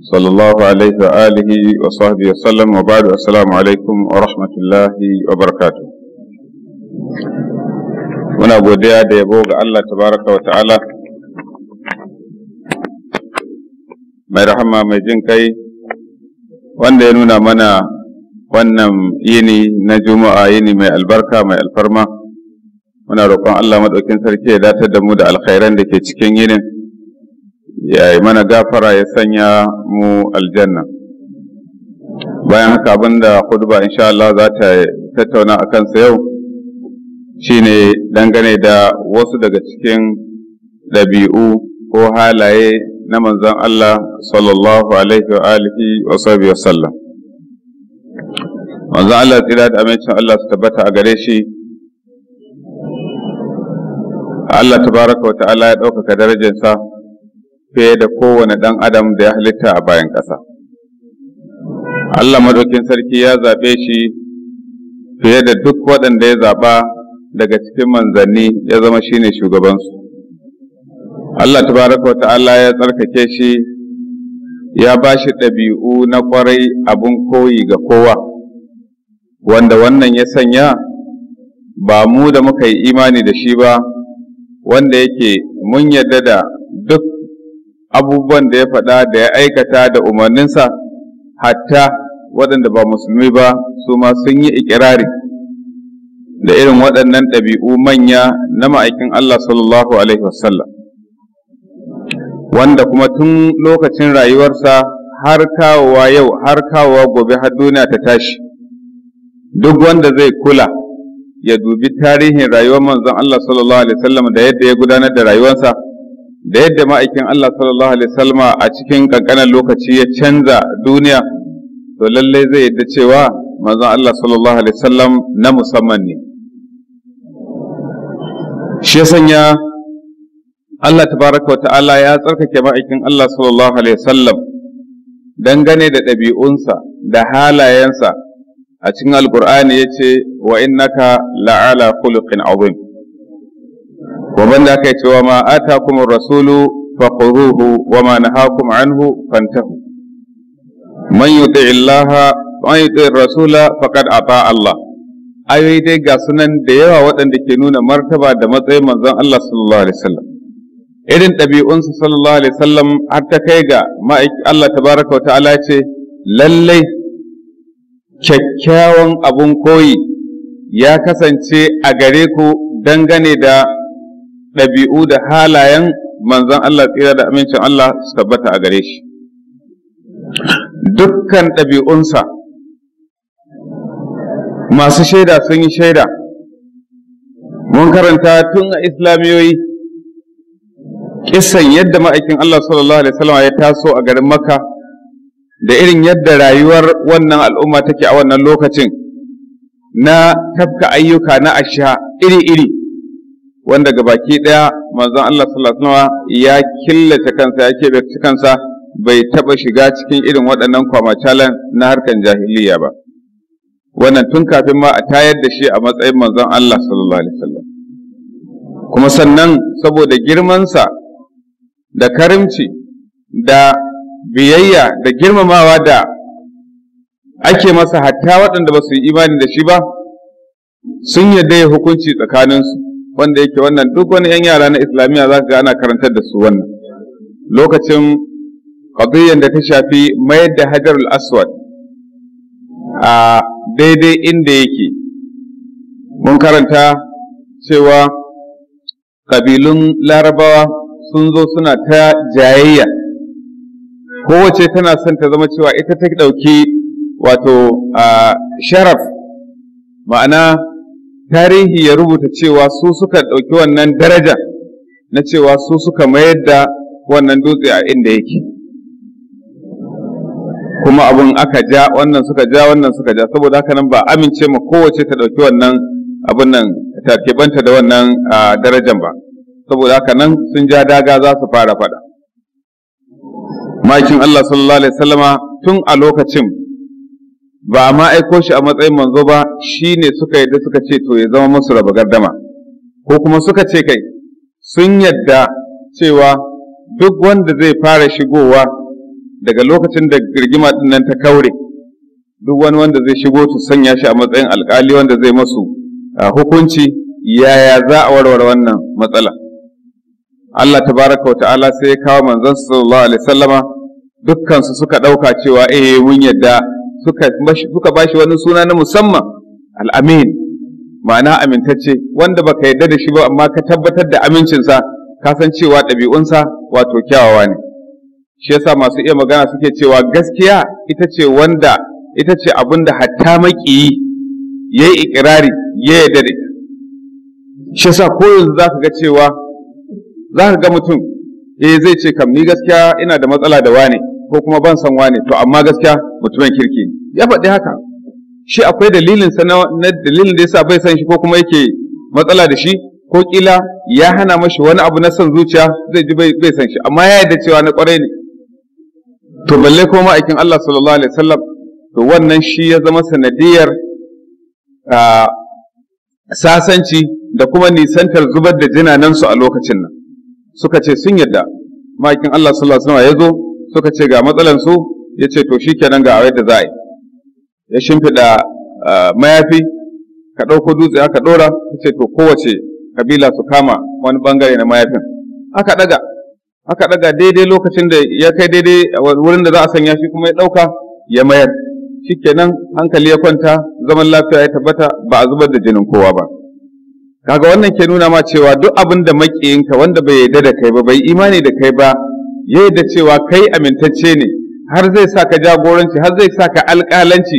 صلى الله عليه وآله وصحبه وسلم وبعد السلام عليكم ورحمة الله وبركاته muna godiya da yabo ga Allah tabaraka wa ta'ala mai rahama mai jin kai wanda ya nuna mana wannan yini na juma'a yini mai albarka mai alfarma muna roƙon Allah maɗaukin sarki ya datar da mu da alkhairan da ke cikin yinin ya yi mana gafara ya sanya mu aljanna bayan haka abinda khutba insha Allah za ta tattauna a kansa yau shine dangane da wasu daga cikin ɗabi'u ko halaye na manzon Allah sallallahu alaihi wa alihi wa sahbihi sallam manzon Allah tsira da amincin Allah su tabbata a gare shi Allah tabaraka wa ta'ala ya ɗaukaka darajarsa fiye da kowane ɗan adam da ya halitta a bayan ƙasa. Allah madaukin sarki ya zaɓe shi fiye da duk waɗanda ya zaɓa daga cikin manzanni ya zama shi shine shugabansu. Allah tabaraka wa ta'ala ya tsarkake shi ya ba shi ɗabi'u na ƙwarai abin koyi ga kowa, wanda wannan ya sanya ba mu da muka yi imani da shi ba, wanda yake mun yarda da abubuwan da ya faɗa da ya aikata da umarninsa hatta waɗanda ba musulmi ba su ma sun yi ikirari da irin waɗannan ɗabi'u manya na ma'aikin Allah sallallahu Alaihi wasallam wanda kuma tun lokacin rayuwarsa har kawowa yau har kawowa gobe har duniya ta tashi duk wanda zai kula ya dubi tarihin rayuwar manzon Allah sallallahu alaihi wasallam da yadda ya gudanar da rayuwarsa da yadda ma'aikin Allah sallallahu alaihi wasallama a cikin kankanin lokaci ya canza duniya to lallai zai yadda cewa manzon Allah sallallahu alaihi wasallam na musamman ne shi ya sanya Allah tabaraka ta'ala ya tsarkake ma'aikin Allah sallallahu alaihi wasallam dangane da ɗabi'unsa da halayensa a cikin alkur'ani yace ce wa innaka la'ala khuluqin azim wa banda kai cewa ma kuma rasulu fa faquruhu wa ma nahakum anhu fantahu man yuti illaha man yuti rasula faqad ata Allah ayoyi dai ga sunan da yawa waɗanda ke nuna martaba da matsayin manzon Allah sallallahu alaihi wasallam irin ɗabi'unsa sallallahu alaihi wasallam har ta kai ga Allah tabaraka wa ta'ala ce lallai kyakkyawan abun koyi ya kasance a gare ku dangane da ɗabi'u da halayen manzon Allah tsira da amincin Allah su tabbata a gare shi dukkan ɗabi'unsa masu shaida sun yi shaida mun karanta tun a islamiyoyi kisan yadda ma'aikin Allah sallallahu alaihi wasallam ya taso a garin maka da irin yadda rayuwar wannan al'umma take a wannan lokacin na tafka ayyuka na asha iri-iri wanda baki daya manzon Allah sallallahu alaihi ya killace kansa ya kebe kansa bai taba shiga cikin irin waɗannan kwamacalan na harkan jahiliya ba wannan tun kafin ma a tayar da shi a matsayin manzon Allah sallallahu alaihi wasallam kuma sannan saboda girmansa da karimci da biyayya da girmamawa da ake masa hatta waɗanda ba su yi imani da shi ba sun yarda ya hukunci tsakaninsu wanda yake wannan duk wani yan yara na islamiyya za ga ana karantar da su wannan lokacin qadiyyar da ta shafi mayar da hajarul aswad a daidai inda yake mun karanta cewa kabilun larabawa sun zo suna ta jayayya kowace tana son ta zama cewa ita ta ɗauki wato sharaf ma'ana tarihi ya rubuta cewa su suka ɗauki wannan daraja na cewa su suka mayar da wannan dutse a inda yake kuma abin aka ja wannan suka ja wannan suka ja saboda haka nan ba amince ma kowace ta ɗauki wannan abin nan ta keɓanta da wannan darajan ba saboda haka nan sun ja daga za su fara faɗa makin Allah sallallahu alaihi wasallama tun a lokacin ba ma aiko shi a matsayin manzo ba shine suka yi da suka ce to ya zama musu raba gardama ko kuma suka ce kai sun yadda cewa duk wanda zai fara shigowa daga lokacin da girgima din nan ta kaure duk wani wanda zai shigo su sanya shi a matsayin alkali wanda zai masu hukunci yaya za a warware wannan matsala Allah tabaraka wa ta'ala sai ya kawo manzon sallallahu alaihi wasallama dukkan su suka dauka cewa eh mun yadda suka ba shi wani suna na musamman al'amin ma'ana amintacce wanda baka yarda da shi ba amma ka tabbatar da amincinsa ka san cewa ɗabi'unsa wato kyawawa ne shi yasa masu iya magana suke cewa gaskiya ita ce wanda ita ce abin da hatta maƙiyi ya yi ikirari ya yarda da shi yasa ko yanzu za ka ga cewa za ka ga mutum eh zai ce kam ni gaskiya ina da matsala da wane ko kuma ban san wane to amma gaskiya mutumin kirki ya faɗi haka shi akwai dalilin sa na dalilin da yasa bai san shi ko kuma yake matsala da shi ko kila ya hana mashi wani abu na san zuciya zai ji bai san shi amma ya yarda cewa na kwarai ne to balle ko ma'aikin Allah sallallahu alaihi wasallam to wannan shi ya zama sanadiyar sasanci da kuma nisantar zubar da jinanansu a lokacin nan suka ce sun yarda ma'aikin Allah sallallahu alaihi wasallam ya zo suka ce ga matsalansu ya ce to shi kenan ga yadda za a yi ya shimfiɗa mayafi ka ɗauko dutse aka ɗora ya ce to kowace kabila su kama wani ɓangare na mayafin aka ɗaga aka ɗaga daidai lokacin da ya kai daidai wurin da za a sanya shi kuma ya ɗauka ya mayar shi kenan hankali ya kwanta zaman lafiya ya tabbata ba a zubar da jinin kowa ba kaga wannan ke nuna ma cewa duk abin da maƙiyinka wanda bai yarda da kai ba bai imani da kai ba ya da cewa kai amintacce ne har zai sa ka jagoranci har zai sa ka alƙalanci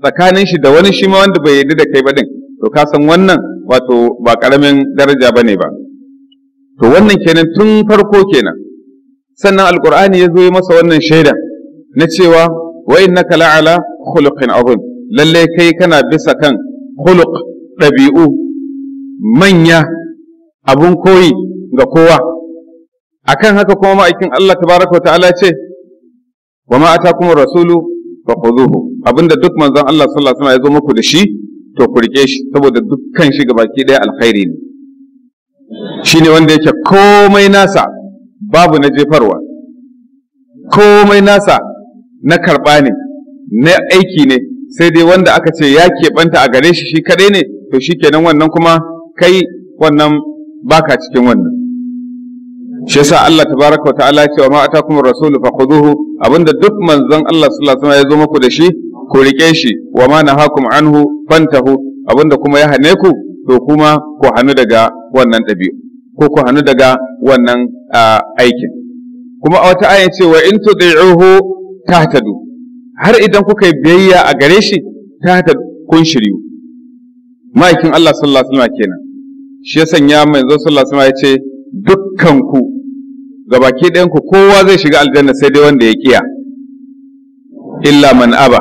tsakanin shi da wani shi ma wanda bai yarda da kai ba din to ka san wannan wato ba ƙaramin daraja bane ba to wannan kenan tun farko kenan sannan alƙur'ani ya zo yi masa wannan shaida na cewa wa innaka la'ala khuluqin azim lalle kai kana bisa kan khuluq ɗabi'u manya abun koyi ga kowa akan haka kuma ma'aikin Allah tabaraka ta'ala ce wa ma atakum rasulu fa khudhuhu abinda duk manzon Allah sallallahu alaihi wasallam ya zo muku da shi to ku rike shi saboda dukkan shi baki daya alkhairi ne shine wanda yake komai nasa babu na jefarwa komai nasa na karɓa ne na aiki ne sai dai wanda aka ce ya keɓanta a gare shi shi kaɗai ne to shi kenan wannan kuma kai wannan baka cikin wannan shi yasa Allah tabaraka wa ta'ala wa ma atakum rasulu fakhuduhu abinda duk manzon Allah sallallahu alaihi wasallam ya zo muku da shi ku rike shi wa ma nahakum anhu fantahu abinda kuma ya hane ku to kuma ku hannu daga wannan ɗabi'u ko ku hannu daga wannan aikin kuma a wata ayin wa in tudi'uhu tahtadu har idan kuka yi biyayya a gare shi tahtadu kun shiryu ma'aikin Allah sallallahu alaihi wasallam kenan shi ya sanya manzon sallallahu alaihi wasallam ya ce dukkan ku gabaki ku kowa zai shiga aljanna sai dai wanda ya kiya illa man aba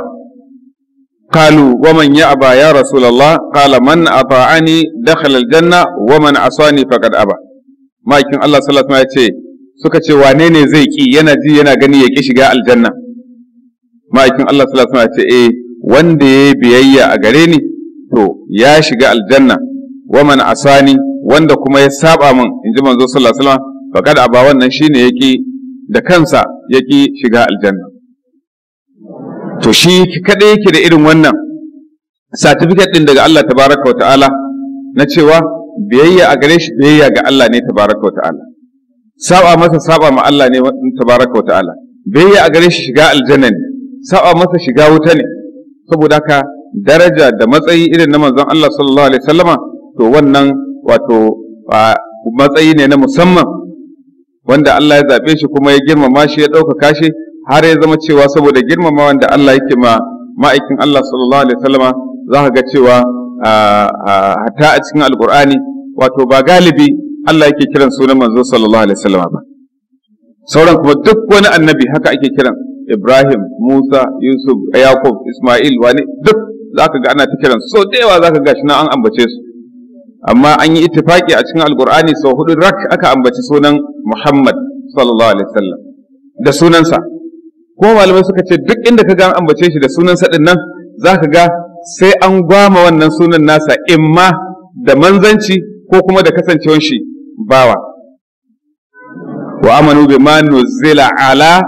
قالوا ya aba ya رسول الله قال من أطاعني دخل aljanna, ومن عصاني فقد أبى ما يكن الله صلى الله عليه ce suka ce wane ne zai ki yana ji yana gani ya ki shiga aljanna ma'aikin Allah sallallahu alaihi wasallam ce eh wanda ya biyayya a gare ni to ya shiga aljanna wa man asani wanda kuma ya saba min inji manzo sallallahu alaihi wasallam faqad aba wannan shi shine yaki da kansa yaki shiga aljanna to shi kaɗai yake da irin wannan certificate ɗin daga Allah tabaraka wa ta'ala na cewa biyayya a gare shi biyayya ga Allah ne tabaraka wa ta'ala saba masa saba ma Allah ne tabaraka wa ta'ala biyayya a gare shi shiga aljanna ne saba masa shiga wuta ne saboda haka daraja da matsayi irin na manzon Allah sallallahu alaihi wasallama to wannan wato matsayi ne na musamman wanda Allah ya zaɓe shi kuma ya girmama shi ya ɗaukaka shi har ya zama cewa saboda girmama wanda Allah yake ma ma'aikin Allah sallallahu alaihi wasallama za ka ga cewa hatta a cikin alkur'ani wato ba galibi Allah yake kiran sunan manzo sallallahu alaihi wasallama ba sauran kuma duk wani annabi haka ake kiran Ibrahim Musa Yusuf Yakub Ismail wani duk zaka ga ana ta kiran so da yawa zaka ga shi na an ambace su amma an yi ittifaki a cikin alkur'ani sau hudu rak aka ambaci sunan muhammad sallallahu alaihi wasallam da sunansa ko malamai suka ce duk inda ka ga an ambace shi da sunansa din nan za ka ga sai an gwama wannan sunan nasa imma da manzanci ko kuma da kasancewar shi bawa wa amanu ma nuzila ala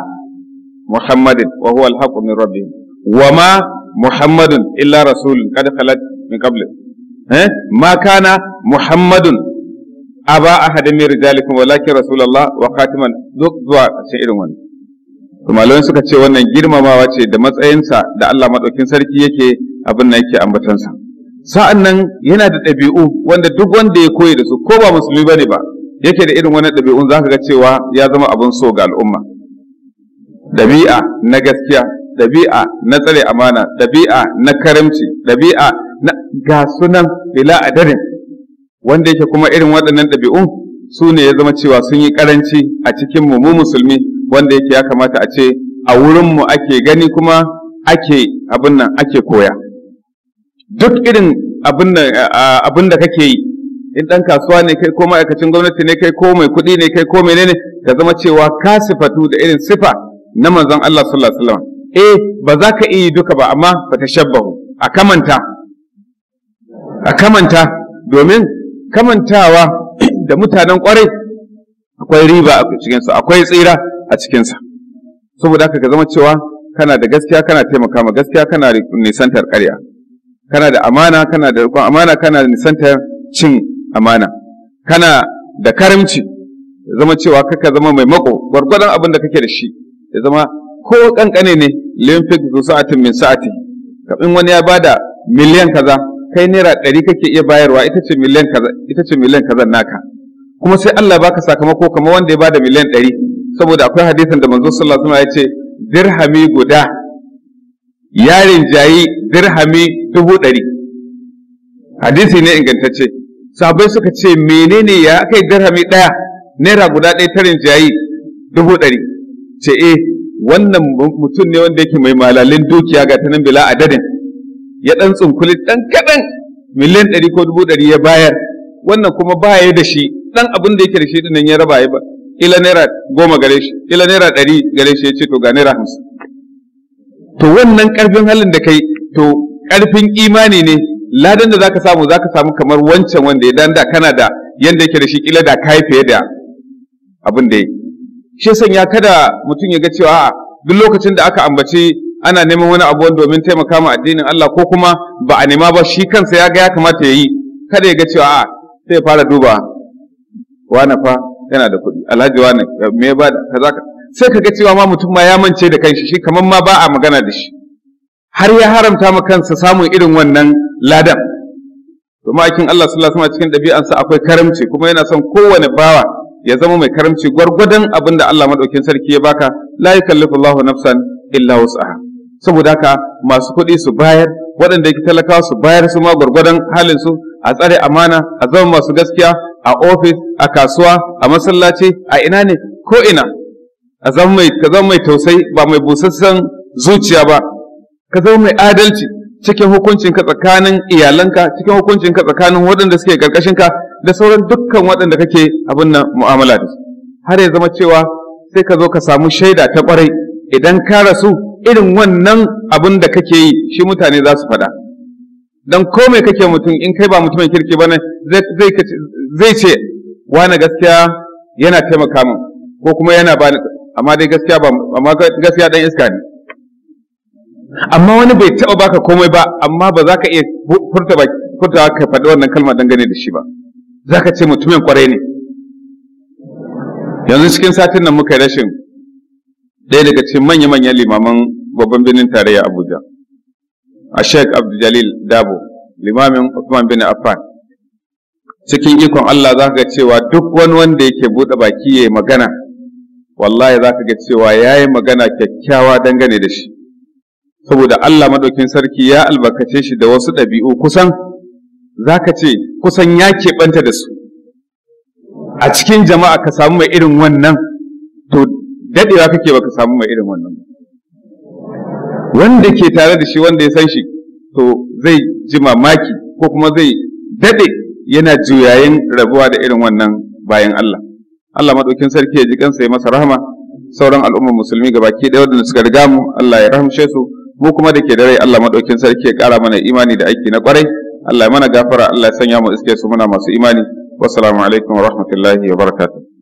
muhammadin wa huwa alhaqqu min rabbihim wa ma muhammadun illa rasulun qad khalat min qablihi Eh? ma kana muhammadun aba a min rijalikum walakin rasulullah wa khatiman duk zuwa cikin irin wani. to suka ce wannan girmamawa ce da matsayinsa da Allah madaukin sarki yake abin nan yake ambatansa sa'an nan yana da ɗabi'u wanda duk wanda ya koyi da su ko ba musulmi ne ba yake da irin wannan ɗabi'un zaka ga cewa ya zama abin so ga al'umma ɗabi'a na gaskiya ɗabi'a na tsare amana ɗabi'a na karamci ɗabi'a ga sunan a adadin wanda yake kuma irin waɗannan ɗabi'un su ne ya zama cewa sun yi ƙaranci a cikin mu musulmi wanda yake ya kamata a ce a wurinmu ake gani kuma ake abin nan ake koya duk irin abin da kake yi in ɗan kasuwa ne kai ko ma'aikacin gwamnati ne kai ko mai kuɗi ne kai ko menene ka zama cewa ka sifatu da irin sifa na manzon Allah sallallahu alaihi wasallam eh ba za ka iya duka ba amma fa tashabbahu a kamanta a kamanta domin kamantawa da mutanen kwarai akwai riba a cikinsa akwai tsira a cikinsa saboda haka ka zama cewa kana da gaskiya kana taimaka ma gaskiya kana nisantar ƙarya kana da amana kana da riƙon amana kana nisantar cin amana kana da karamci ya zama cewa kaka zama mai mako gwargwadon abin da kake da shi ya zama ko kankane ne limfik zu sa'atin min sa'ati in wani ya bada miliyan kaza kai naira ɗari kake iya bayarwa ita ce miliyan kaza ita ce naka kuma sai Allah baka sakamako kamar wanda ya bada miliyan ɗari saboda akwai hadisin da manzo sallallahu alaihi wasallam ya ce dirhami guda yarin jayi dirhami dubu ɗari hadisi ne ingantacce sabai suka ce menene ya kai dirhami ɗaya naira guda ɗaya tarin jayi dubu ɗari ce eh wannan mutum ne wanda yake mai malalin dukiya ga tanan bila adadin ya ɗan tsunkuli ɗan kaɗan miliyan ɗari ko dubu ɗari ya bayar wannan kuma baya da shi ɗan abin da yake da shi ɗin ya raba ya ba Ila naira goma gare shi ila naira ɗari gare shi ya ce to ga naira hamsin to wannan ƙarfin halin da kai to ƙarfin imani ne ladan da zaka samu zaka samu kamar wancan wanda ya danda kana da yanda yake da shi kila da kai fiye da abin da yake shi sanya kada mutum ya ga cewa duk lokacin da aka ambaci ana neman wani abu domin taimaka ma addinin Allah ko kuma ba a nema ba shi kansa ya ga ya kamata ya yi kada ya ga cewa a sai ya fara duba wani fa yana da kuɗi alhaji wani me ba da kaza sai ka ga cewa ma mutum ma ya mance da kanshi shi kamar ma ba a magana da shi har ya haramta ma kansa samun irin wannan ladan to ma'aikin Allah sallallahu alaihi cikin ɗabi'ansa akwai karamci kuma yana son kowane bawa ya zama mai karamci gwargwadon abin da Allah madaukin sarki ya baka la yukallifu Allahu nafsan illa wus'aha saboda haka masu kuɗi su bayar waɗanda yake talakawa su bayar su ma gwargwadon halin su a tsare amana a zama masu gaskiya a ofis a kasuwa a masallaci a ina ne ko ina a zama mai ka zama mai tausayi ba mai busassan zuciya ba ka zama mai adalci cikin hukuncinka tsakanin iyalanka cikin hukuncinka tsakanin waɗanda suke ƙarƙashinka da sauran dukkan waɗanda kake abin nan mu'amala da su har ya zama cewa sai ka zo ka samu shaida ta ƙwarai idan ka rasu irin wannan abin da kake yi shi mutane za su faɗa don komai kake mutum in kai ba mutumin kirki ba ne, zai ce wani gaskiya yana taimaka min ko kuma yana bani amma dai gaskiya ba amma gaskiya dan iska ne amma wani bai taɓa baka komai ba amma ba za ka iya furta ba furta ka faɗi wannan kalma dangane da shi ba za ka ce mutumin kwarai ne yanzu cikin satin nan muka yi rashin ɗaya daga cikin manya-manyan limaman babban birnin tarayya Abuja a Sheikh Abdul Dabo limamin Usman bin Affan cikin ikon Allah za ka ga cewa duk wani wanda yake buɗe baki ya magana wallahi za ka ga cewa ya yi magana kyakkyawa dangane da shi saboda Allah maɗaukin sarki ya albarkace shi da wasu ɗabi'u kusan za ka ce kusan ya keɓanta da su a cikin jama'a ka samu mai irin wannan dadewa kake baka samu mai irin wannan wanda ke tare da shi wanda ya san shi to zai ji mamaki ko kuma zai dade yana juyayin rabuwa da irin wannan bayan Allah Allah madaukin sarki ya ji kansa ya masa rahama sauran al'ummar musulmi gabaki ɗaya wanda suka riga mu Allah ya rahamshe su mu kuma da ke da rai Allah madaukin sarki ya kara mana imani da aiki na kwarai Allah ya mana gafara Allah ya sanya mu iske su muna masu imani wassalamu alaikum wa rahmatullahi wa